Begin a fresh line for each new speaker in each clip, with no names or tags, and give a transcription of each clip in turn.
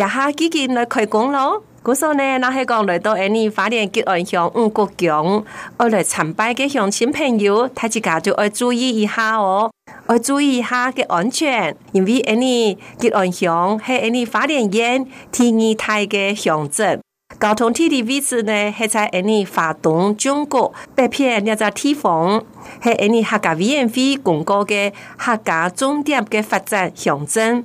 也下，幾金來開工咯。古說呢，那係講來到印尼花蓮吉安鄉五穀宮，我來參拜嘅鄉親朋友，大家就愛注意一下哦，愛注意一下嘅安全，因為印尼吉安鄉係印尼花蓮縣第二大嘅鄉鎮，交通地理位置呢，係在印尼花東縱谷北片那隻地方，係印尼客家委員會公告嘅客家重點嘅發展鄉鎮。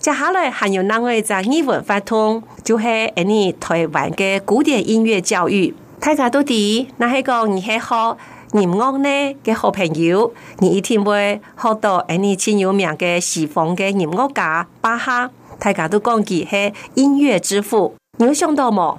接下來還有另外一個英文發通，就是印尼台灣嘅古典音樂教育，大家都底那些個？哪些好音樂呢嘅好朋友，你一定會學到印尼最有名嘅西方嘅音樂家巴哈，大家都講佢係音樂之父，有想到冇？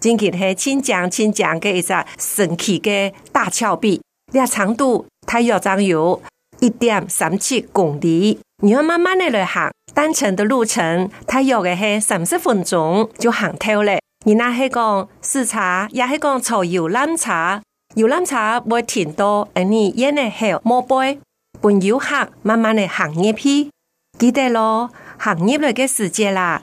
今天係新疆，新疆嘅一隻神奇嘅大峭壁，呀、這個、長度大約長有一點三七公里。你要慢慢地來行，單程的路程大約嘅係三十分鐘就行透了。你那係講試茶，也係講坐遊覽車，遊覽車會停到誒，而你飲了後摸杯，本遊客慢慢地行入去。記得咯，行入來嘅時間啦。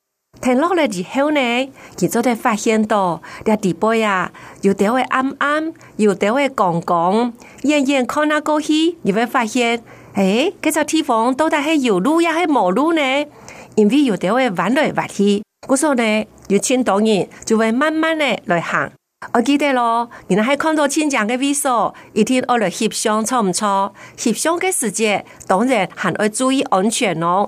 聽落來之後呢，你就會發現到啲地背啊，有啲會暗暗，有啲會光光。樣樣看嗱過去，你會發現，誒、欸，嗰個地方到底係有路呀，係冇路呢？因為有啲會彎來彎去。我說呢，越穿當然就會慢慢來行。我記得咯，原來喺看到親丈嘅微縮，一定我嚟翕相，錯唔錯？翕相嘅時間，當然還要注意安全咯。